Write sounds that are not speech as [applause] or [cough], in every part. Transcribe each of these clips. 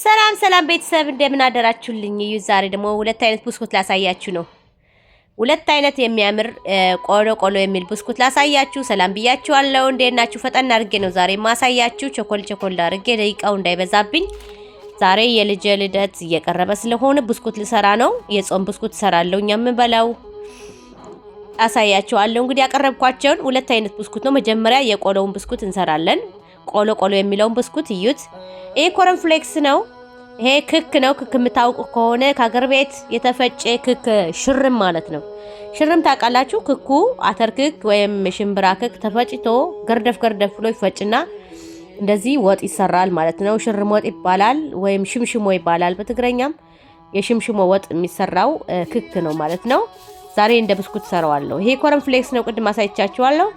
ሰላም ሰላም ቤተሰብ እንደምን አደራችሁልኝ? እዩ ዛሬ ደግሞ ሁለት አይነት ብስኩት ላሳያችሁ ነው። ሁለት አይነት የሚያምር ቆሎ ቆሎ የሚል ብስኩት ላሳያችሁ። ሰላም ብያችኋለሁ። እንዴት ናችሁ? ፈጠን አድርጌ ነው ዛሬ ማሳያችሁ። ቸኮል ቸኮል አድርጌ ደቂቃው እንዳይበዛብኝ። ዛሬ የልጄ ልደት እየቀረበ ስለሆነ ብስኩት ልሰራ ነው። የጾም ብስኩት እሰራለሁ። እኛ የምንበላው አሳያችኋለሁ። እንግዲህ ያቀረብኳቸውን ሁለት አይነት ብስኩት ነው። መጀመሪያ የቆሎውን ብስኩት እንሰራለን። ቆሎ ቆሎ የሚለውን ብስኩት እዩት። ይህ ኮረንፍሌክስ ነው። ይሄ ክክ ነው። ክክ የምታውቁ ከሆነ ከአገር ቤት የተፈጨ ክክ ሽርም ማለት ነው። ሽርም ታውቃላችሁ። ክኩ አተር ክክ ወይም ሽምብራ ክክ ተፈጭቶ ገርደፍ ገርደፍ ብሎ ይፈጭና እንደዚህ ወጥ ይሰራል ማለት ነው። ሽርም ወጥ ይባላል ወይም ሽምሽሞ ይባላል በትግረኛም። የሽምሽሞ ወጥ የሚሰራው ክክ ነው ማለት ነው። ዛሬ እንደ ብስኩት ሰራዋለሁ። ይሄ ኮረንፍሌክስ ነው፣ ቅድም አሳይቻችኋለሁ።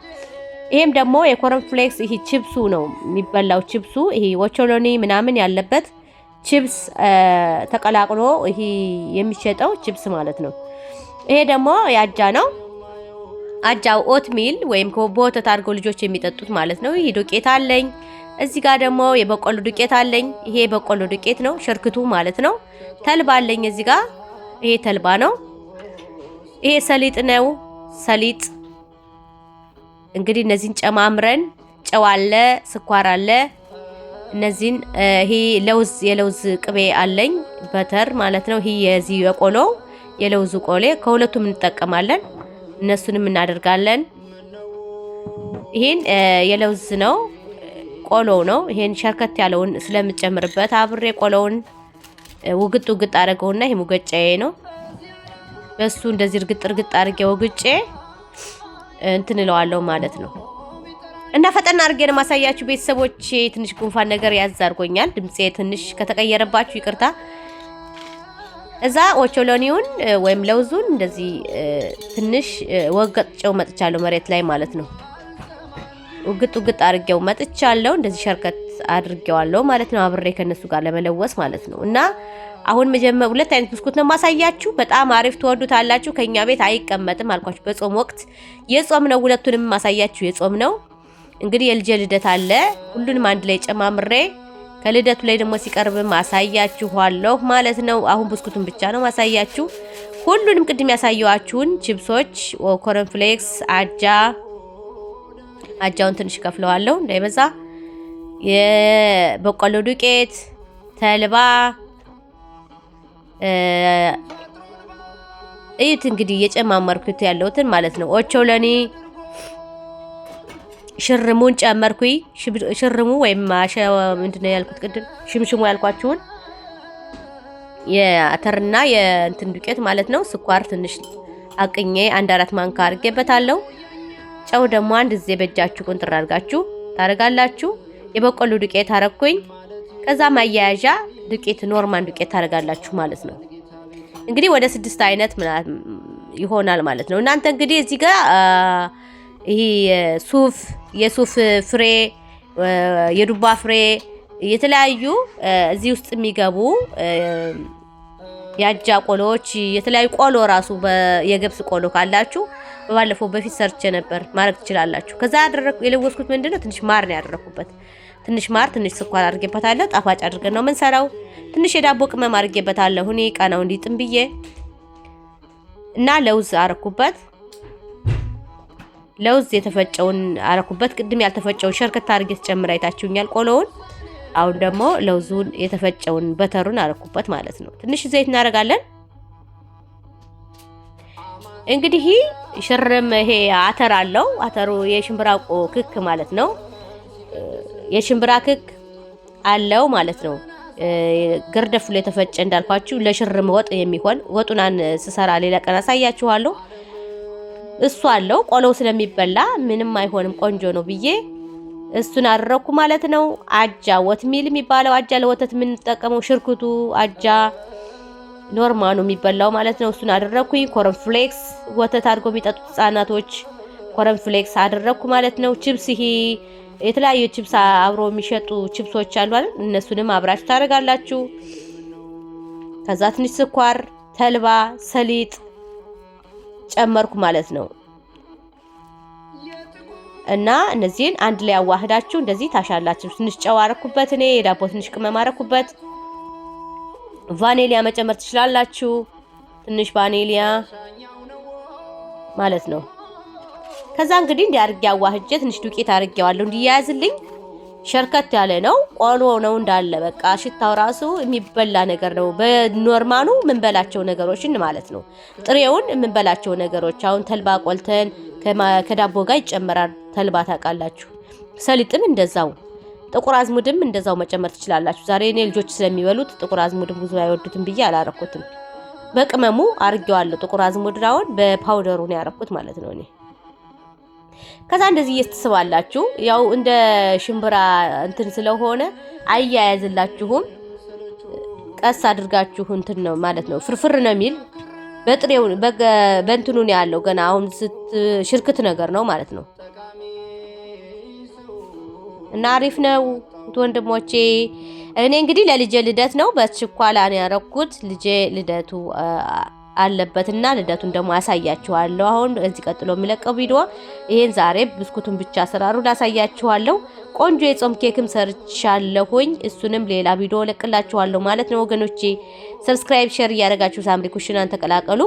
ይሄም ደግሞ የኮረንፍሌክስ ይሄ ቺፕሱ ነው የሚበላው። ቺፕሱ ይሄ ወቾሎኒ ምናምን ያለበት ቺፕስ ተቀላቅሎ ይሄ የሚሸጠው ቺፕስ ማለት ነው። ይሄ ደግሞ የአጃ ነው። አጃው ኦት ሚል ወይም በወተት አድርገው ልጆች የሚጠጡት ማለት ነው። ይሄ ዱቄት አለኝ። እዚህ ጋር ደግሞ የበቆሎ ዱቄት አለኝ። ይሄ የበቆሎ ዱቄት ነው፣ ሸርክቱ ማለት ነው። ተልባ አለኝ እዚህ ጋር ይሄ ተልባ ነው። ይሄ ሰሊጥ ነው፣ ሰሊጥ እንግዲህ እነዚህን ጨማምረን ጨው አለ፣ ስኳር አለ። እነዚህን ይሄ ለውዝ የለውዝ ቅቤ አለኝ በተር ማለት ነው። ይሄ የዚህ የቆሎ የለውዙ ቆሌ ከሁለቱም እንጠቀማለን። እነሱንም እናደርጋለን። ይሄን የለውዝ ነው ቆሎ ነው። ይሄን ሸርከት ያለውን ስለምጨምርበት አብሬ ቆሎውን ውግጥ ውግጥ አድርገውና ይሄ ሙገጫዬ ነው። በሱ እንደዚህ እርግጥ እርግጥ አድርጌ ውግጬ እንትንለዋለው ማለት ነው። እና ፈጠን አድርጌን ማሳያችሁ ቤተሰቦች፣ ትንሽ ጉንፋን ነገር ያዝ አድርጎኛል። ድምፄ ትንሽ ከተቀየረባችሁ ይቅርታ። እዛ ኦቾሎኒውን ወይም ለውዙን እንደዚህ ትንሽ ወገጥጨው መጥቻለሁ፣ መሬት ላይ ማለት ነው። ውግጥ ውግጥ አድርጌው መጥቻለሁ። እንደዚህ ሸርከት አድርጌዋለሁ ማለት ነው። አብሬ ከነሱ ጋር ለመለወስ ማለት ነው እና አሁን መጀመር ሁለት አይነት ብስኩት ነው ማሳያችሁ። በጣም አሪፍ ትወዱታላችሁ። ከኛ ቤት አይቀመጥም አልኳችሁ። በጾም ወቅት የጾም ነው። ሁለቱንም ማሳያችሁ የጾም ነው። እንግዲህ የልጄ ልደት አለ። ሁሉንም አንድ ላይ ጨማምሬ ከልደቱ ላይ ደግሞ ሲቀርብ ማሳያችኋለሁ ማለት ነው። አሁን ብስኩቱን ብቻ ነው ማሳያችሁ። ሁሉንም ቅድም ያሳየዋችሁን ቺፕሶች፣ ኮረንፍሌክስ፣ አጃ አጃውን ትንሽ ከፍለዋለሁ እንዳይበዛ፣ የበቆሎ ዱቄት፣ ተልባ እዩት እንግዲህ እየጨማመርኩት ያለሁትን ማለት ነው። ለኔ ሽርሙን ጨመርኩ። ሽርሙ ወይም ማሸ ምንድን ያልኩት ቅድም ሽምሽሙ ያልኳችሁን የአተርና የእንትን ዱቄት ማለት ነው። ስኳር ትንሽ አቅኜ አንድ አራት ማንካ አድርጌበታለሁ። ጨው ደግሞ አንድ ጊዜ በእጃችሁ ቁንጥር አድርጋችሁ ታደርጋላችሁ። የበቆሎ ዱቄት አረኩኝ። ከዛ ማያያዣ ዱቄት ኖርማን ዱቄት ታደርጋላችሁ ማለት ነው። እንግዲህ ወደ ስድስት አይነት ይሆናል ማለት ነው። እናንተ እንግዲህ እዚህ ጋር ይሄ ሱፍ የሱፍ ፍሬ፣ የዱባ ፍሬ፣ የተለያዩ እዚህ ውስጥ የሚገቡ የአጃ ቆሎዎች፣ የተለያዩ ቆሎ ራሱ የገብስ ቆሎ ካላችሁ በባለፈው በፊት ሰርቼ ነበር ማድረግ ትችላላችሁ። ከዛ የለወስኩት ምንድነው ትንሽ ማር ነው ያደረኩበት ትንሽ ማር፣ ትንሽ ስኳር አድርጌበታለሁ። ጣፋጭ አድርገን ነው የምንሰራው። ትንሽ የዳቦ ቅመም አድርጌበታለሁ። እኔ ቃናው እንዲጥም ብዬ እና ለውዝ አረኩበት። ለውዝ የተፈጨውን አረኩበት። ቅድም ያልተፈጨውን ሸርክት አድርጌ ተጨምራ አይታችሁኛል ቆሎውን። አሁን ደግሞ ለውዙን የተፈጨውን በተሩን አረኩበት ማለት ነው። ትንሽ ዘይት እናደርጋለን። እንግዲህ ሽርም ይሄ አተር አለው። አተሩ የሽምብራቆ ክክ ማለት ነው። የሽምብራ ክክ አለው ማለት ነው። ግርደፍ ላይ የተፈጨ እንዳልኳችሁ ለሽርም ወጥ የሚሆን ወጡናን ስሰራ ሌላ ቀን አሳያችኋለሁ። እሱ አለው ቆሎው ስለሚበላ ምንም አይሆንም፣ ቆንጆ ነው ብዬ እሱን አደረኩ ማለት ነው። አጃ ወትሚል የሚባለው አጃ ለወተት የምንጠቀመው ሽርክቱ አጃ ነው የሚበላው ማለት ነው። እሱን አደረኩኝ። ኮረንፍሌክስ ወተት አድርጎ የሚጠጡት ህጻናቶች ኮረንፍሌክስ አደረኩ ማለት ነው። ችብስ ይሄ የተለያዩ ቺፕስ አብሮ የሚሸጡ ቺፕሶች አሉ አይደል? እነሱንም አብራችሁ ታደርጋላችሁ። ከዛ ትንሽ ስኳር፣ ተልባ፣ ሰሊጥ ጨመርኩ ማለት ነው። እና እነዚህን አንድ ላይ አዋህዳችሁ እንደዚህ ታሻላችሁ። ትንሽ ጨው አረኩበት እኔ የዳቦ ትንሽ ቅመም አረኩበት። ቫኔሊያ መጨመር ትችላላችሁ። ትንሽ ቫኔሊያ ማለት ነው። ከዛ እንግዲህ እንዲ አድርጌ አዋህጄ ትንሽ ዱቄት አድርጌዋለሁ እንዲያያዝልኝ። ሸርከት ያለ ነው፣ ቆሎ ነው እንዳለ በቃ ሽታው ራሱ የሚበላ ነገር ነው። በኖርማኑ የምንበላቸው ነገሮችን ማለት ነው፣ ጥሬውን የምንበላቸው ነገሮች አሁን ተልባ ቆልተን ከዳቦ ጋር ይጨመራል። ተልባ ታውቃላችሁ፣ ሰሊጥም እንደዛው ጥቁር አዝሙድም እንደዛው መጨመር ትችላላችሁ። ዛሬ እኔ ልጆች ስለሚበሉት ጥቁር አዝሙድም ብዙ አይወዱትም ብዬ አላረኩትም። በቅመሙ አርጌዋለሁ። ጥቁር አዝሙድ አሁን በፓውደሩ ነው ያረኩት ማለት ነው እኔ ከዛ እንደዚህ እየተስባላችሁ ያው እንደ ሽምብራ እንትን ስለሆነ አያያዝላችሁም። ቀስ አድርጋችሁ እንትን ነው ማለት ነው። ፍርፍር ነው የሚል በጥሬው በእንትኑ ያለው። ገና አሁን ሽርክት ነገር ነው ማለት ነው። እና አሪፍ ነው ወንድሞቼ። እኔ እንግዲህ ለልጄ ልደት ነው በችኳላ ነው ያረኩት። ልጄ ልደቱ አለበትና ልደቱን ደግሞ ያሳያችኋለሁ። አሁን እዚህ ቀጥሎ የሚለቀው ቪዲዮ ይሄን ዛሬ ብስኩቱን ብቻ አሰራሩ ላሳያችኋለሁ። ቆንጆ የጾም ኬክም ሰርቻለሁኝ። እሱንም ሌላ ቪዲዮ ለቅላችኋለሁ ማለት ነው ወገኖቼ። ሰብስክራይብ፣ ሼር እያደረጋችሁ ሳምሪ ኩሽናን ተቀላቀሉ።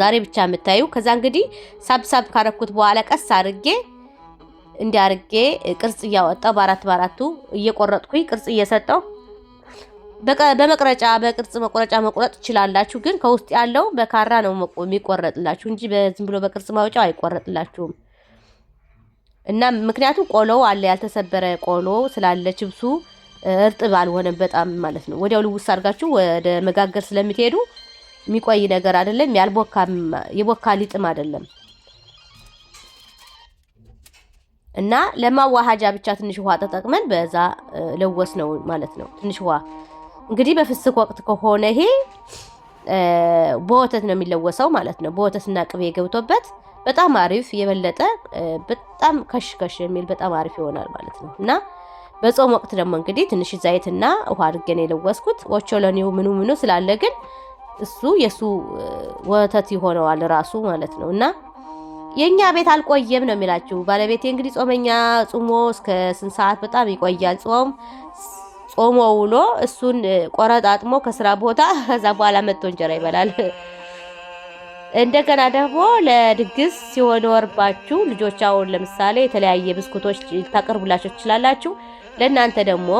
ዛሬ ብቻ የምታዩ ከዛ እንግዲህ ሳብሳብ ካረኩት በኋላ ቀስ አርጌ እንዲያርጌ ቅርጽ እያወጣው በአራት በአራቱ እየቆረጥኩኝ ቅርጽ እየሰጠው በመቅረጫ በቅርጽ መቆረጫ መቁረጥ ትችላላችሁ፣ ግን ከውስጥ ያለው በካራ ነው የሚቆረጥላችሁ እንጂ በዝም ብሎ በቅርጽ ማውጫው አይቆረጥላችሁም። እና ምክንያቱም ቆሎው አለ ያልተሰበረ ቆሎ ስላለ ችብሱ እርጥብ አልሆነም በጣም ማለት ነው። ወዲያው ልውስ አድርጋችሁ ወደ መጋገር ስለምትሄዱ የሚቆይ ነገር አይደለም። ያልቦካ የቦካ ሊጥም አይደለም እና ለማዋሃጃ ብቻ ትንሽ ውሃ ተጠቅመን በዛ ለወስ ነው ማለት ነው። ትንሽ ውሃ እንግዲህ በፍስክ ወቅት ከሆነ ይሄ በወተት ነው የሚለወሰው ማለት ነው። በወተትና ቅቤ ገብቶበት በጣም አሪፍ የበለጠ በጣም ከሽከሽ የሚል በጣም አሪፍ ይሆናል ማለት ነው። እና በጾም ወቅት ደግሞ እንግዲህ ትንሽ ዘይትና ውሃ አድርገን የለወስኩት ኦቾሎኒው ምኑ ምኑ ስላለ ግን እሱ የሱ ወተት ይሆነዋል ራሱ ማለት ነው። እና የእኛ ቤት አልቆየም ነው የሚላችሁ ባለቤቴ እንግዲህ ጾመኛ ጾሞ እስከ ስንት ሰዓት በጣም ይቆያል ጾም ጾሞ ውሎ እሱን ቆረጣጥሞ ከስራ ቦታ [laughs] ከዛ በኋላ መጥቶ እንጀራ ይበላል። እንደገና ደግሞ ለድግስ ሲሆን ወርባችሁ ልጆች አሁን ለምሳሌ የተለያየ ብስኩቶች ታቀርቡላቸው ትችላላችሁ። ለእናንተ ደግሞ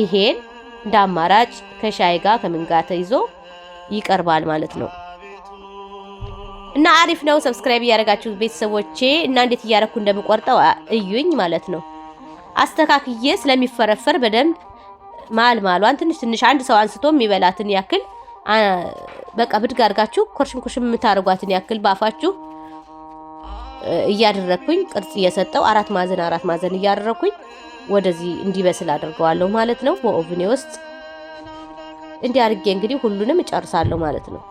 ይሄን እንደ አማራጭ ከሻይ ጋር ከምን ጋር ተይዞ ይቀርባል ማለት ነው። እና አሪፍ ነው። ሰብስክራይብ እያደረጋችሁ ቤተሰቦቼ እና እንዴት እያደረኩ እንደምቆርጠው እዩኝ ማለት ነው። አስተካክዬ ስለሚፈረፈር በደንብ ማልማሏን ትንሽ ትንሽ አንድ ሰው አንስቶ የሚበላትን ያክል በቃ ብድግ አድርጋችሁ ኮርሽም ኮርሽም የምታደርጓትን ያክል ባፋችሁ እያደረግኩኝ ቅርጽ እየሰጠው አራት ማዕዘን አራት ማዕዘን እያደረግኩኝ ወደዚህ እንዲበስል አድርገዋለሁ ማለት ነው። በኦቭኔ ውስጥ እንዲህ አድርጌ እንግዲህ ሁሉንም እጨርሳለሁ ማለት ነው።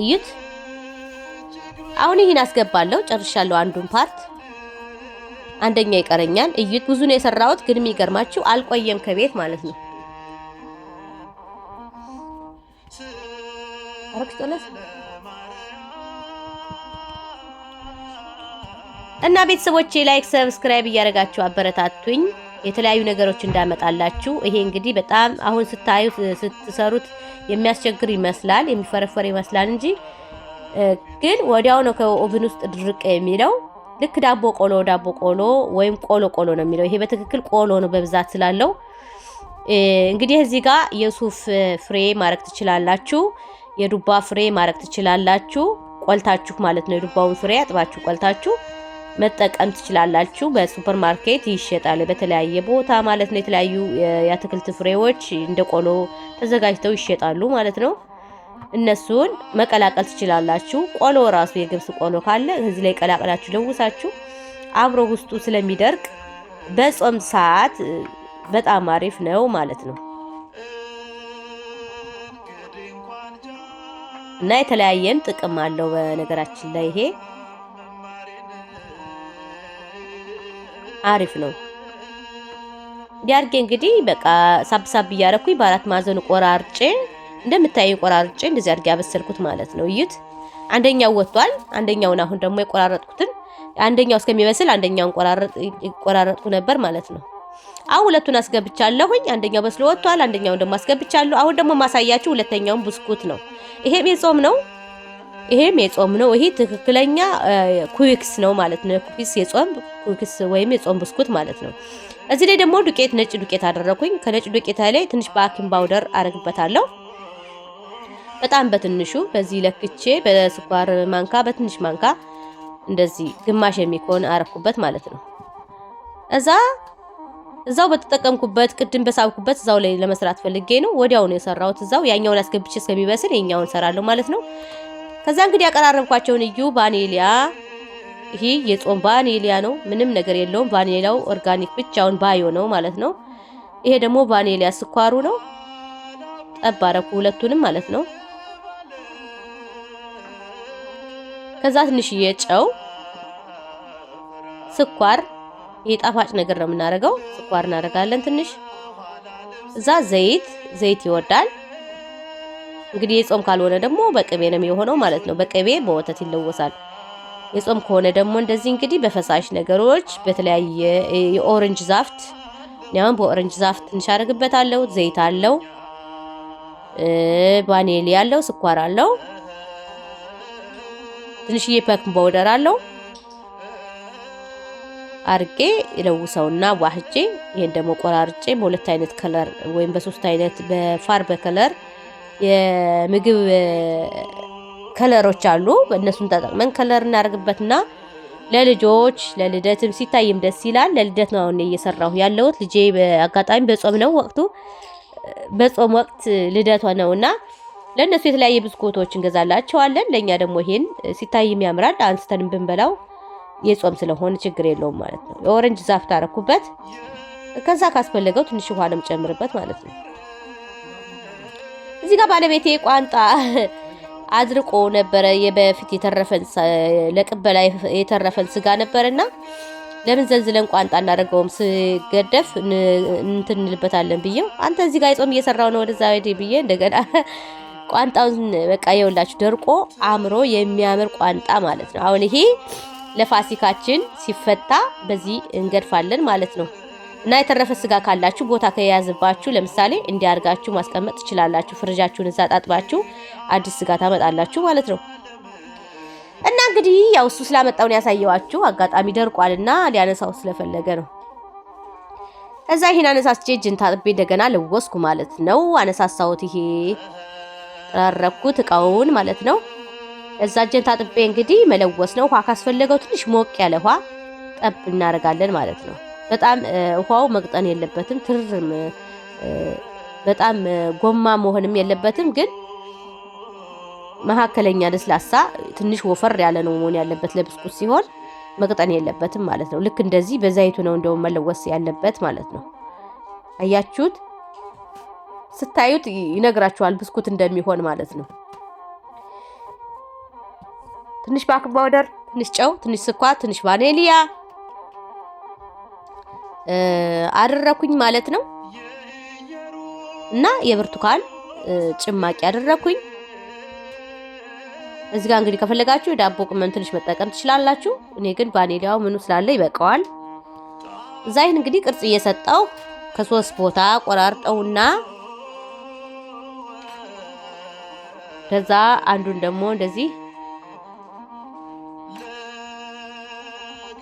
እዩት። አሁን ይህን አስገባለሁ። ጨርሻለሁ አንዱን ፓርት አንደኛ ይቀረኛል። እይት ብዙ ነው የሰራሁት፣ ግን የሚገርማችሁ አልቆየም ከቤት ማለት ነው። እና ቤተሰቦቼ ላይክ፣ ሰብስክራይብ እያደረጋችሁ አበረታቱኝ የተለያዩ ነገሮች እንዳመጣላችሁ። ይሄ እንግዲህ በጣም አሁን ስታዩ ስትሰሩት የሚያስቸግር ይመስላል፣ የሚፈረፈር ይመስላል እንጂ ግን ወዲያው ነው ከኦቭን ውስጥ ድርቅ የሚለው ልክ ዳቦ ቆሎ ዳቦ ቆሎ ወይም ቆሎ ቆሎ ነው የሚለው ይሄ በትክክል ቆሎ ነው በብዛት ስላለው እንግዲህ እዚህ ጋር የሱፍ ፍሬ ማድረግ ትችላላችሁ። የዱባ ፍሬ ማድረግ ትችላላችሁ። ቆልታችሁ ማለት ነው። የዱባውን ፍሬ አጥባችሁ ቆልታችሁ መጠቀም ትችላላችሁ። በሱፐር ማርኬት ይሸጣል፣ በተለያየ ቦታ ማለት ነው። የተለያዩ የአትክልት ፍሬዎች እንደ ቆሎ ተዘጋጅተው ይሸጣሉ ማለት ነው። እነሱን መቀላቀል ትችላላችሁ። ቆሎ ራሱ የገብስ ቆሎ ካለ እዚህ ላይ ቀላቅላችሁ ለውሳችሁ አብሮ ውስጡ ስለሚደርቅ በጾም ሰዓት በጣም አሪፍ ነው ማለት ነው እና የተለያየም ጥቅም አለው። በነገራችን ላይ ይሄ አሪፍ ነው። እንዲህ እንግዲህ በቃ ሳብሳብ እያረኩኝ በአራት ማዕዘኑ ቆራርጬ እንደምታየኝ ቆራርጬ እንደዚህ አድርጌ ያበሰልኩት ማለት ነው። እዩት፣ አንደኛው ወጥቷል። አንደኛውን አሁን ደግሞ የቆራረጥኩትን አንደኛው እስከሚበስል አንደኛውን ቆራረጥኩ ነበር ማለት ነው። አሁን ሁለቱን አስገብቻለሁኝ። አንደኛው በስሎ ወጥቷል። አንደኛውን ደግሞ አስገብቻለሁ። አሁን ደግሞ ማሳያችሁ ሁለተኛውን ብስኩት ነው። ይሄም የጾም ነው። ይሄም የጾም ነው። ይሄ ትክክለኛ ኩዊክስ ነው ማለት ነው። ኩዊክስ የጾም ኩዊክስ ወይም የጾም ብስኩት ማለት ነው። እዚህ ላይ ደግሞ ዱቄት፣ ነጭ ዱቄት አደረኩኝ። ከነጭ ዱቄት ላይ ትንሽ ባኪንግ ፓውደር አረግበታለሁ። በጣም በትንሹ በዚህ ለክቼ በስኳር ማንካ በትንሽ ማንካ እንደዚህ ግማሽ የሚሆን አረኩበት ማለት ነው። እዛ እዛው በተጠቀምኩበት ቅድም በሳብኩበት እዛው ላይ ለመስራት ፈልጌ ነው ወዲያው ነው የሰራሁት። እዛው ያኛውን አስገብቼ እስከሚበስል የኛውን ሰራለሁ ማለት ነው። ከዛ እንግዲህ ያቀራረብኳቸውን እዩ። ቫኒሊያ፣ ይሄ የጾም ቫኒሊያ ነው፣ ምንም ነገር የለውም። ቫኒሊያው ኦርጋኒክ ብቻውን ባዮ ነው ማለት ነው። ይሄ ደግሞ ቫኒሊያ ስኳሩ ነው። ጠብ አረኩ ሁለቱንም ማለት ነው። ከዛ ትንሽዬ ጨው፣ ስኳር ይሄ ጣፋጭ ነገር ነው የምናደርገው። ስኳር እናደርጋለን ትንሽ። እዛ ዘይት ዘይት ይወዳል እንግዲህ የጾም ካልሆነ ደግሞ በቅቤ ነው የሆነው ማለት ነው። በቅቤ በወተት ይለወሳል። የጾም ከሆነ ደግሞ እንደዚህ እንግዲህ በፈሳሽ ነገሮች በተለያየ የኦረንጅ ዛፍት ያም በኦረንጅ ዛፍት ትንሽ አደርግበታለሁ። ዘይት አለው፣ ባኔሊ አለው፣ ስኳር አለው። ትንሽዬ ፐክ ፓውደር አለው አርጌ ለውሰውና ዋህጬ ይሄን ደግሞ ቆራርጬ በሁለት አይነት ከለር ወይም በሶስት አይነት በፋር በከለር የምግብ ከለሮች አሉ። እነሱን ተጠቅመን ከለር እናደርግበትና ለልጆች ለልደትም ሲታይም ደስ ይላል። ለልደት ነው አሁን እየሰራሁ ያለሁት። ልጄ በአጋጣሚ በጾም ነው ወቅቱ፣ በጾም ወቅት ልደቷ ነውና ለእነሱ የተለያየ ብስኩቶች እንገዛላቸዋለን። ለእኛ ደግሞ ይሄን ሲታይም ያምራል አንስተን ብንበላው የጾም ስለሆነ ችግር የለውም ማለት ነው። የኦረንጅ ዛፍ ታረኩበት። ከዛ ካስፈለገው ትንሽ ውሃ ነው ማለት ነው። እዚህ ጋር ባለቤቴ ቋንጣ [laughs] አድርቆ ነበረ። የበፊት የተረፈን ለቅበላ የተረፈን ስጋ ነበርና ለምን ዘንዝለን ቋንጣ እናደርገውም ስገደፍ እንትን እንልበታለን ብዬው አንተ እዚህ ጋር የጾም እየሰራው ነው ወደዛ ብዬ እንደገና ቋንጣውን በቃ የውላችሁ ደርቆ አምሮ የሚያምር ቋንጣ ማለት ነው። አሁን ይሄ ለፋሲካችን ሲፈታ በዚህ እንገድፋለን ማለት ነው እና የተረፈ ስጋ ካላችሁ ቦታ ከያዝባችሁ ለምሳሌ እንዲያርጋችሁ ማስቀመጥ ትችላላችሁ። ፍርጃችሁን እዛ ጣጥባችሁ አዲስ ስጋ ታመጣላችሁ ማለት ነው። እና እንግዲህ ያው እሱ ስላመጣውን ያሳየዋችሁ አጋጣሚ ደርቋልና ሊያነሳው ስለፈለገ ነው። እዛ ይሄን አነሳስቼ እጅን ታጥቤ እንደገና ለወስኩ ማለት ነው። አነሳሳሁት ይሄ ጠራረኩት እቃውን ማለት ነው። እዛ እጄን ታጥቤ እንግዲህ መለወስ ነው። ውሃ ካስፈለገው ትንሽ ሞቅ ያለ ውሃ ጠብ እናደርጋለን ማለት ነው። በጣም ውሃው መቅጠን የለበትም ትርም በጣም ጎማ መሆንም የለበትም ግን መካከለኛ ለስላሳ ትንሽ ወፈር ያለ ነው መሆን ያለበት ለብስኩት ሲሆን መቅጠን የለበትም ማለት ነው። ልክ እንደዚህ በዛይቱ ነው እንደውም መለወስ ያለበት ማለት ነው። አያችሁት? ስታዩት ይነግራችኋል ብስኩት እንደሚሆን ማለት ነው። ትንሽ ባክ ፓውደር፣ ትንሽ ጨው፣ ትንሽ ስኳር፣ ትንሽ ቫኔሊያ አደረኩኝ ማለት ነው እና የብርቱካን ጭማቂ አደረኩኝ። እዚህ ጋር እንግዲህ ከፈለጋችሁ የዳቦ ቅመም ትንሽ መጠቀም ትችላላችሁ። እኔ ግን ቫኔሊያው ምኑ ስላለ ይበቃዋል። እዛ ይህን እንግዲህ ቅርጽ እየሰጠው ከሶስት ቦታ ቆራርጠውና ከዛ አንዱን ደግሞ እንደዚህ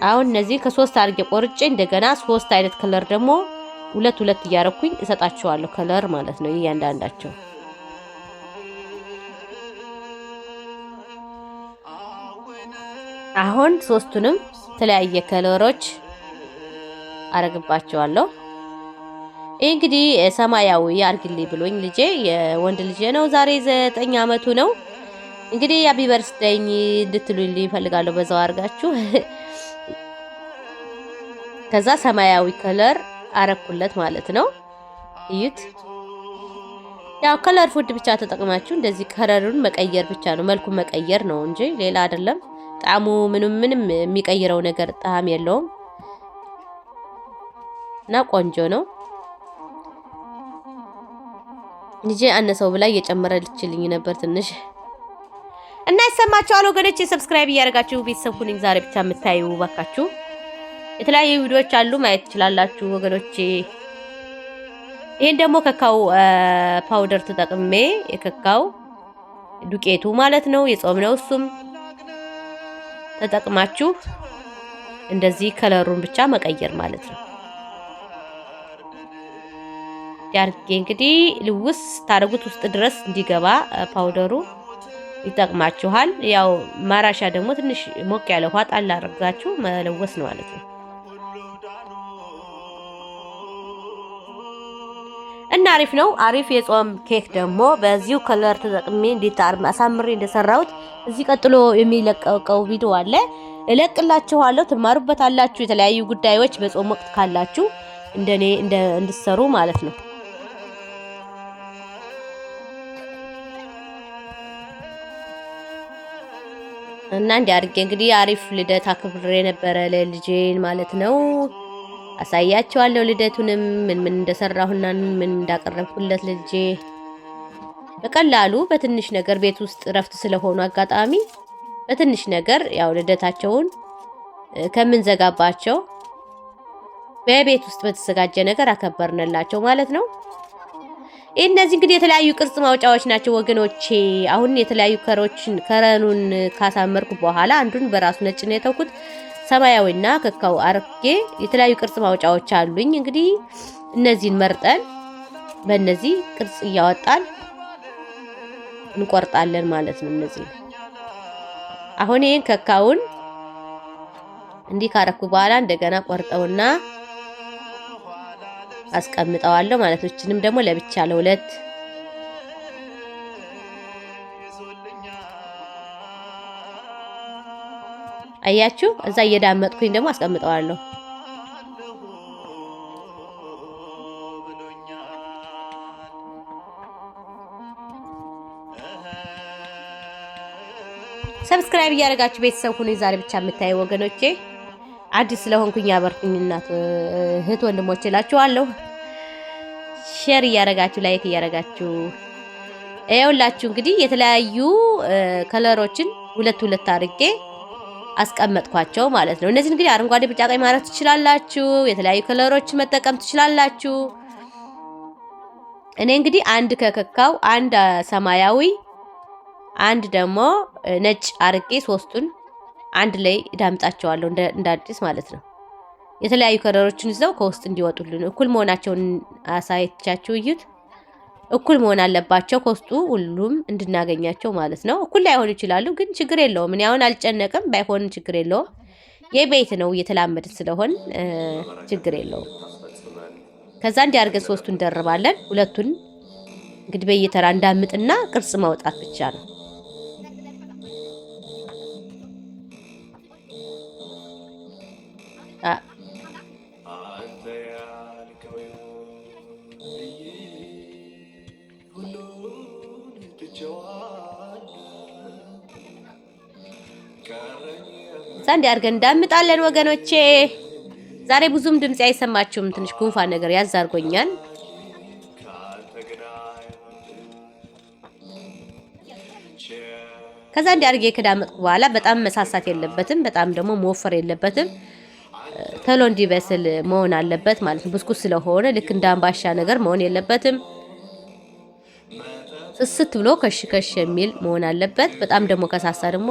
አሁን እነዚህ ከሶስት አድርጌ ቆርጬ እንደገና ሶስት አይነት ከለር ደግሞ ሁለት ሁለት እያረኩኝ እሰጣቸዋለሁ። ከለር ማለት ነው እያንዳንዳቸው አሁን ሶስቱንም የተለያየ ከለሮች አረግባቸዋለሁ። ይህ እንግዲህ ሰማያዊ ያርግልኝ ብሎኝ ልጄ የወንድ ልጄ ነው። ዛሬ ዘጠኝ አመቱ ነው። እንግዲህ የሀፒ በርስደኝ እንድትሉልኝ እፈልጋለሁ። በዛው አርጋችሁ [laughs] ከዛ ሰማያዊ ከለር አረኩለት ማለት ነው። እዩት። ያው ከለር ፉድ ብቻ ተጠቅማችሁ እንደዚህ ከለሩን መቀየር ብቻ ነው፣ መልኩን መቀየር ነው እንጂ ሌላ አይደለም። ጣዕሙ ምንም ምንም የሚቀይረው ነገር ጣዕም የለውም እና ቆንጆ ነው። ልጄ አነሰው ብላ እየጨመረችልኝ ነበር ትንሽ እና ይሰማችኋል ወገኖች፣ ሰብስክራይብ እያደረጋችሁ ቤተሰብ ሁኑኝ። ዛሬ ብቻ የምታዩ ባካችሁ፣ የተለያዩ ቪዲዮዎች አሉ ማየት ትችላላችሁ ወገኖቼ። ይሄን ደግሞ ከካው ፓውደር ተጠቅሜ የከካው ዱቄቱ ማለት ነው የጾም ነው እሱም ተጠቅማችሁ እንደዚህ ከለሩን ብቻ መቀየር ማለት ነው። ዳርጌ እንግዲህ ልውስ ታደርጉት ውስጥ ድረስ እንዲገባ ፓውደሩ ይጠቅማችኋል። ያው ማራሻ ደግሞ ትንሽ ሞቅ ያለ ውሃ ጣል አድርጋችሁ መለወስ ነው ማለት ነው። እና አሪፍ ነው። አሪፍ የጾም ኬክ ደግሞ በዚሁ ከለር ተጠቅሜ እንዴት አሳምሬ እንደሰራሁት እዚህ ቀጥሎ የሚለቀቀው ቪዲዮ አለ እለቅላችኋለሁ። ትማሩበታላችሁ። የተለያዩ ጉዳዮች በጾም ወቅት ካላችሁ እንደኔ እንድትሰሩ ማለት ነው። እና እንዲህ አድርጌ እንግዲህ አሪፍ ልደት አክብሬ ነበረ ለልጄን ማለት ነው። አሳያቸዋለሁ ልደቱንም ምን ምን እንደሰራሁና ምን እንዳቀረብኩለት ልጄ በቀላሉ በትንሽ ነገር ቤት ውስጥ እረፍት ስለሆኑ አጋጣሚ በትንሽ ነገር ያው ልደታቸውን ከምንዘጋባቸው በቤት ውስጥ በተዘጋጀ ነገር አከበርንላቸው ማለት ነው። ይህ እነዚህ እንግዲህ የተለያዩ ቅርጽ ማውጫዎች ናቸው ወገኖቼ። አሁን የተለያዩ ከሮችን ከረኑን ካሳመርኩ በኋላ አንዱን በራሱ ነጭ ነው የተውኩት። ሰማያዊና ከካው አርጌ የተለያዩ ቅርጽ ማውጫዎች አሉኝ። እንግዲህ እነዚህን መርጠን በእነዚህ ቅርጽ እያወጣን እንቆርጣለን ማለት ነው። እነዚህ አሁን ይህን ከካውን እንዲህ ካረኩ በኋላ እንደገና ቆርጠውና አስቀምጠዋለሁ ማለት ነው። እችንም ደግሞ ለብቻ ለሁለት አያችሁ፣ እዛ እየዳመጥኩኝ ደግሞ አስቀምጠዋለሁ። ሰብስክራይብ እያደረጋችሁ ቤተሰብ ሁኑ። ዛሬ ብቻ የምታዩ ወገኖቼ አዲስ ስለሆንኩኝ አበርቱኝ እናት እህት ወንድሞች እላችኋለሁ። ሼር እያረጋችሁ ላይክ እያረጋችሁ ይኸውላችሁ እንግዲህ የተለያዩ ከለሮችን ሁለት ሁለት አድርጌ አስቀመጥኳቸው ማለት ነው። እነዚህ እንግዲህ አረንጓዴ፣ ቢጫ፣ ቀይ ማለት ትችላላችሁ። የተለያዩ ከለሮችን መጠቀም ትችላላችሁ። እኔ እንግዲህ አንድ ከከካው አንድ ሰማያዊ አንድ ደግሞ ነጭ አርጌ ሶስቱን አንድ ላይ ዳምጣቸዋለሁ እንደ አዲስ ማለት ነው። የተለያዩ ከረሮችን ይዘው ከውስጥ እንዲወጡልን እኩል መሆናቸውን አሳይቻችሁ እዩት። እኩል መሆን አለባቸው ከውስጡ ሁሉም እንድናገኛቸው ማለት ነው። እኩል ላይሆኑ ይችላሉ፣ ግን ችግር የለውም። እኔ አሁን አልጨነቅም። ባይሆን ችግር የለውም። የቤት ነው እየተላመድን ስለሆን ችግር የለውም። ከዛ እንዲያርገን ሶስቱን እንደርባለን ሁለቱን እንግዲህ በየተራ እንዳምጥና ቅርጽ ማውጣት ብቻ ነው። አንድ አድርገን እንዳምጣለን ወገኖቼ። ዛሬ ብዙም ድምጽ አይሰማችሁም። ትንሽ ጉንፋን ነገር ያዝ አድርጎኛል። ከዛ እንዲህ አድርጌ ከዳመጥኩ በኋላ በጣም መሳሳት የለበትም፣ በጣም ደግሞ መወፈር የለበትም። ተሎ እንዲበስል መሆን አለበት ማለት ነው። ብስኩት ስለሆነ ልክ እንደ አምባሻ ነገር መሆን የለበትም። ስስት ብሎ ከሽ ከሽ የሚል መሆን አለበት። በጣም ደግሞ ከሳሳ ደግሞ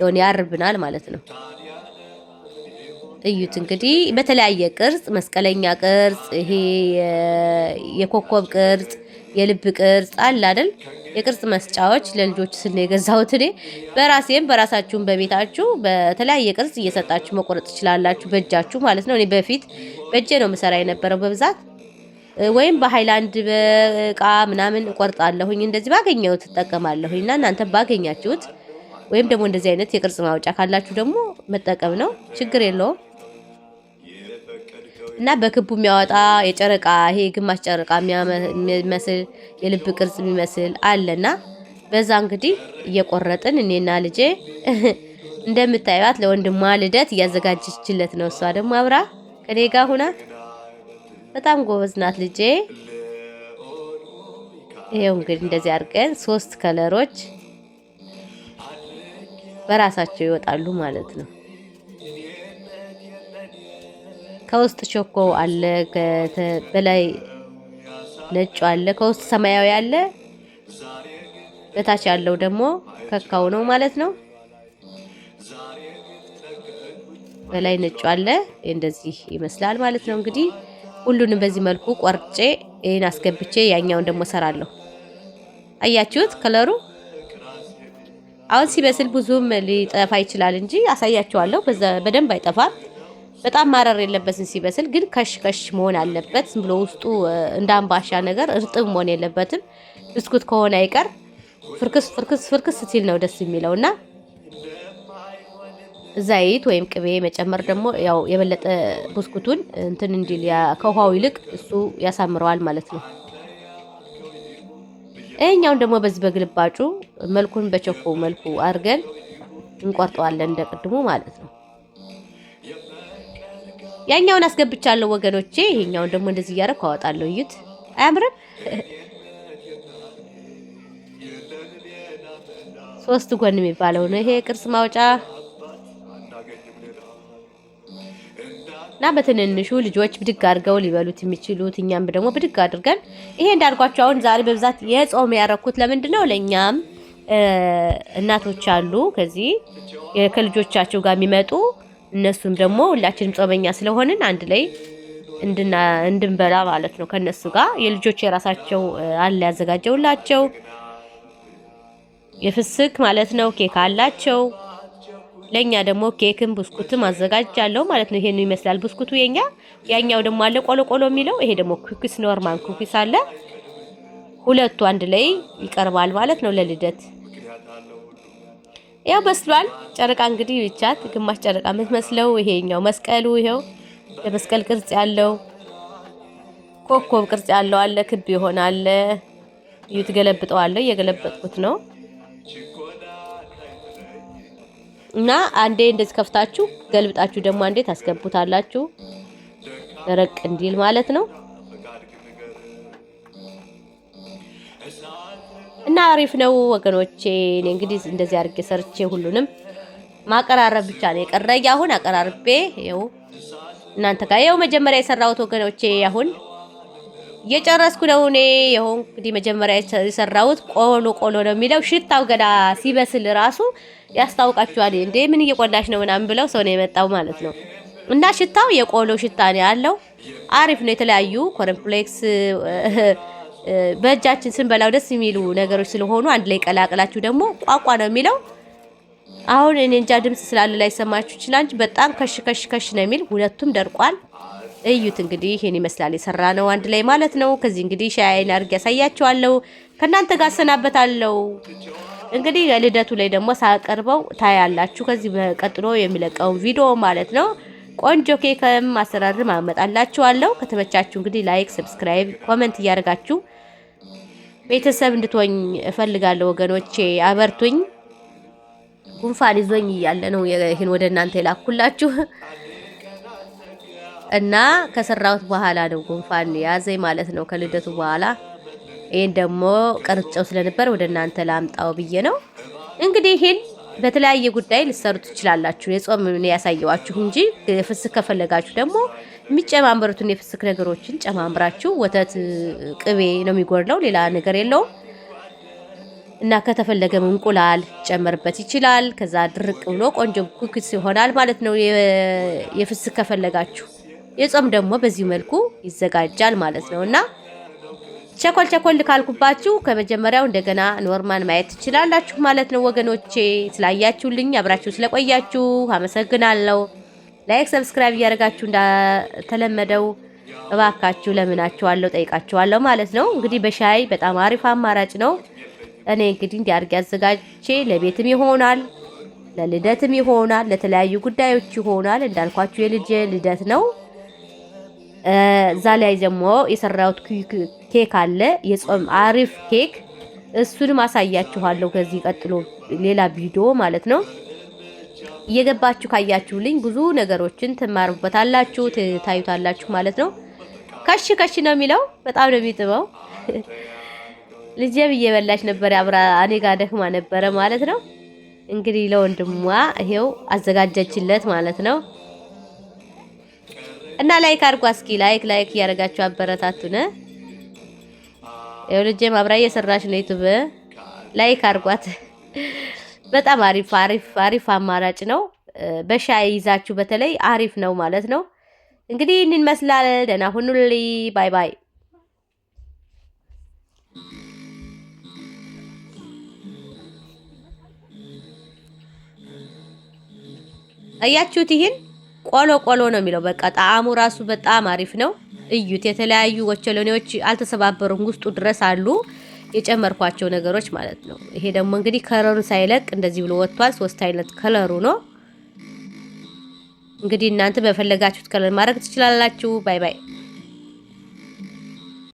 የሆነ ያርብናል ማለት ነው። እዩት እንግዲህ በተለያየ ቅርጽ መስቀለኛ ቅርጽ፣ ይሄ የኮከብ ቅርጽ የልብ ቅርጽ አለ አይደል? የቅርጽ መስጫዎች ለልጆች ስል ነው የገዛሁት እኔ በራሴም በራሳችሁም በቤታችሁ በተለያየ ቅርጽ እየሰጣችሁ መቆረጥ ትችላላችሁ፣ በእጃችሁ ማለት ነው። እኔ በፊት በእጄ ነው ምሰራ የነበረው በብዛት ወይም በሃይላንድ በእቃ ምናምን እቆርጣለሁኝ። እንደዚህ ባገኘሁት እጠቀማለሁኝ እና እናንተ ባገኛችሁት ወይም ደግሞ እንደዚህ አይነት የቅርጽ ማውጫ ካላችሁ ደግሞ መጠቀም ነው፣ ችግር የለውም። እና በክቡ የሚያወጣ የጨረቃ ይሄ ግማሽ ጨረቃ የሚመስል የልብ ቅርጽ የሚመስል አለና በዛ እንግዲህ እየቆረጥን እኔና ልጄ [laughs] እንደምታዩት ለወንድሟ ልደት እያዘጋጀችለት ነው። እሷ ደግሞ አብራ ከኔ ጋር ሁና በጣም ጎበዝ ናት ልጄ። ይሄው እንግዲህ እንደዚህ አድርገን ሶስት ከለሮች በራሳቸው ይወጣሉ ማለት ነው። ከውስጥ ቾኮ አለ፣ በላይ ነጩ አለ፣ ከውስጥ ሰማያዊ አለ፣ በታች ያለው ደግሞ ከካው ነው ማለት ነው። በላይ ነጩ አለ። እንደዚህ ይመስላል ማለት ነው። እንግዲህ ሁሉንም በዚህ መልኩ ቆርጬ ይህን አስገብቼ ያኛውን ደግሞ ሰራለሁ። አያችሁት ከለሩ አሁን ሲበስል ብዙም ሊጠፋ ይችላል እንጂ አሳያችኋለሁ። በደንብ አይጠፋም። በጣም ማረር የለበትም። ሲበስል ግን ከሽ ከሽ መሆን አለበት። ዝም ብሎ ውስጡ እንደ አምባሻ ነገር እርጥብ መሆን የለበትም። ብስኩት ከሆነ አይቀር ፍርክስ ፍርክስ ፍርክስ ሲል ነው ደስ የሚለው እና ዘይት ወይም ቅቤ መጨመር ደግሞ ያው የበለጠ ብስኩቱን እንትን እንዲል ከውሃው ይልቅ እሱ ያሳምረዋል ማለት ነው። ይህኛውን ደግሞ በዚህ በግልባጩ መልኩን በቸኮ መልኩ አድርገን እንቆርጠዋለን እንደ ቅድሙ ማለት ነው። ያኛውን አስገብቻለሁ ወገኖቼ። ይሄኛውን ደግሞ እንደዚህ እያደረኩ አወጣለሁ። እዩት፣ አያምርም? ሶስት ጎን የሚባለው ነው ይሄ ቅርስ ማውጫ እና በትንንሹ ልጆች ብድግ አድርገው ሊበሉት የሚችሉት እኛም ደግሞ ብድግ አድርገን ይሄ እንዳልኳቸው አሁን ዛሬ በብዛት የጾም ያረኩት ለምንድን ነው ለእኛም እናቶች አሉ ከዚህ ከልጆቻቸው ጋር የሚመጡ እነሱም ደግሞ ሁላችንም ጾመኛ ስለሆንን አንድ ላይ እንድንበላ ማለት ነው። ከነሱ ጋር የልጆች የራሳቸው አለ ያዘጋጀውላቸው የፍስክ ማለት ነው። ኬክ አላቸው። ለኛ ደግሞ ኬክም ብስኩትም አዘጋጃለሁ ማለት ነው። ይሄን ይመስላል ብስኩቱ የኛ። ያኛው ደግሞ አለ ቆሎ ቆሎ የሚለው ይሄ ደግሞ ኩኪስ፣ ኖርማል ኩኪስ አለ። ሁለቱ አንድ ላይ ይቀርባል ማለት ነው ለልደት ያው በስሏል። ጨረቃ እንግዲህ ብቻት ግማሽ ጨረቃ የምትመስለው ይሄኛው መስቀሉ ይሄው የመስቀል ቅርጽ ያለው ኮኮብ ቅርጽ ያለው አለ፣ ክብ የሆነ አለ። እዩት፣ ገለብጠዋለሁ። እየገለበጥኩት ነው እና አንዴ እንደዚህ ከፍታችሁ ገልብጣችሁ ደግሞ አንዴ ታስገቡታላችሁ ደረቅ እንዲል ማለት ነው። እና አሪፍ ነው ወገኖቼ። እኔ እንግዲህ እንደዚህ አድርጌ ሰርቼ ሁሉንም ማቀራረብ ብቻ ነው የቀረኝ። አሁን አቀራርቤ ይኸው እናንተ ጋር ይኸው መጀመሪያ የሰራሁት ወገኖቼ፣ አሁን እየጨረስኩ ነው እኔ። ይኸው እንግዲህ መጀመሪያ የሰራሁት ቆሎ ቆሎ ነው የሚለው ሽታው ገና ሲበስል ራሱ ያስታውቃችኋል። እንዴ ምን እየቆላሽ ነው ምናምን ብለው ሰው ነው የመጣው ማለት ነው። እና ሽታው የቆሎ ሽታ ነው ያለው። አሪፍ ነው። የተለያዩ ኮረንፍሌክስ በእጃችን ስንበላው ደስ የሚሉ ነገሮች ስለሆኑ አንድ ላይ ቀላቅላችሁ ደግሞ ቋቋ ነው የሚለው። አሁን እኔ እንጃ ድምጽ ስላለ ላይ ሰማችሁ ይችላል። በጣም ከሽ ከሽ ከሽ ነው የሚል። ሁለቱም ደርቋል። እዩት እንግዲህ ይሄን ይመስላል የሰራ ነው አንድ ላይ ማለት ነው። ከዚህ እንግዲህ ሻይን አድርጌ ያሳያችኋለሁ። ከእናንተ ጋር አሰናበታለሁ። እንግዲህ ልደቱ ላይ ደግሞ ሳቀርበው ታያላችሁ። ከዚህ በቀጥሎ የሚለቀውን ቪዲዮ ማለት ነው። ቆንጆ ኬክም አሰራርም አመጣላችኋለሁ። ከተመቻችሁ እንግዲህ ላይክ፣ ሰብስክራይብ፣ ኮመንት እያደርጋችሁ ቤተሰብ እንድትሆኝ እፈልጋለሁ። ወገኖቼ አበርቱኝ። ጉንፋን ይዞኝ እያለ ነው ይህን ወደ እናንተ የላኩላችሁ እና ከሰራሁት በኋላ ነው ጉንፋን ያዘኝ ማለት ነው ከልደቱ በኋላ። ይህን ደግሞ ቀርጨው ስለነበር ወደ እናንተ ላምጣው ብዬ ነው እንግዲህ ይህን በተለያየ ጉዳይ ልሰሩት ትችላላችሁ። የጾም ያሳየዋችሁ እንጂ ፍስክ ከፈለጋችሁ ደግሞ የሚጨማምሩትን የፍስክ ነገሮችን ጨማምራችሁ ወተት፣ ቅቤ ነው የሚጎድለው፣ ሌላ ነገር የለውም እና ከተፈለገም እንቁላል ጨመርበት ይችላል። ከዛ ድርቅ ብሎ ቆንጆ ኩኪስ ይሆናል ማለት ነው። የፍስክ ከፈለጋችሁ የጾም ደግሞ በዚህ መልኩ ይዘጋጃል ማለት ነው እና ቸኮል ቸኮል ካልኩባችሁ ከመጀመሪያው እንደገና ኖርማን ማየት ትችላላችሁ ማለት ነው ወገኖቼ። ስላያችሁልኝ አብራችሁ ስለቆያችሁ አመሰግናለሁ። ላይክ፣ ሰብስክራይብ እያደረጋችሁ እንደተለመደው እባካችሁ ለምናችኋለሁ፣ ጠይቃችኋለሁ ማለት ነው። እንግዲህ በሻይ በጣም አሪፍ አማራጭ ነው። እኔ እንግዲህ እንዲያርግ አዘጋጅቼ ለቤትም ይሆናል፣ ለልደትም ይሆናል፣ ለተለያዩ ጉዳዮች ይሆናል። እንዳልኳችሁ የልጄ ልደት ነው። እዛ ላይ ደግሞ የሰራሁት ኬክ አለ፣ የጾም አሪፍ ኬክ። እሱንም አሳያችኋለሁ ከዚህ ቀጥሎ ሌላ ቪዲዮ ማለት ነው። እየገባችሁ ካያችሁልኝ ብዙ ነገሮችን ትማሩበታላችሁ፣ ታዩታላችሁ ማለት ነው። ከሽ ከሽ ነው የሚለው በጣም ነው የሚጥበው። [laughs] ልጄም እየበላች ነበር፣ አብራ እኔ ጋር ደክማ ነበረ ማለት ነው። እንግዲህ ለወንድሟ ይሄው አዘጋጀችለት ማለት ነው። እና ላይክ አድርጓ እስኪ ላይክ ላይክ እያደረጋችሁ አበረታቱን። ይኸው ልጄ ማብራ እየሰራች ነው ዩቲዩብ ላይክ አድርጓት። በጣም አሪፍ አሪፍ አሪፍ አማራጭ ነው። በሻይ ይዛችሁ በተለይ አሪፍ ነው ማለት ነው። እንግዲህ ይህንን ይመስላል። ደህና ሁኑልኝ። ባይ ባይ። አያችሁት ይህን ቆሎ ቆሎ ነው የሚለው። በቃ ጣዕሙ ራሱ በጣም አሪፍ ነው። እዩት። የተለያዩ ወቸሎኔዎች አልተሰባበሩም፣ ውስጡ ድረስ አሉ የጨመርኳቸው ነገሮች ማለት ነው። ይሄ ደግሞ እንግዲህ ከለሩን ሳይለቅ እንደዚህ ብሎ ወጥቷል። ሶስት አይነት ከለሩ ነው እንግዲህ። እናንተ በፈለጋችሁት ከለር ማድረግ ትችላላችሁ። ባይ ባይ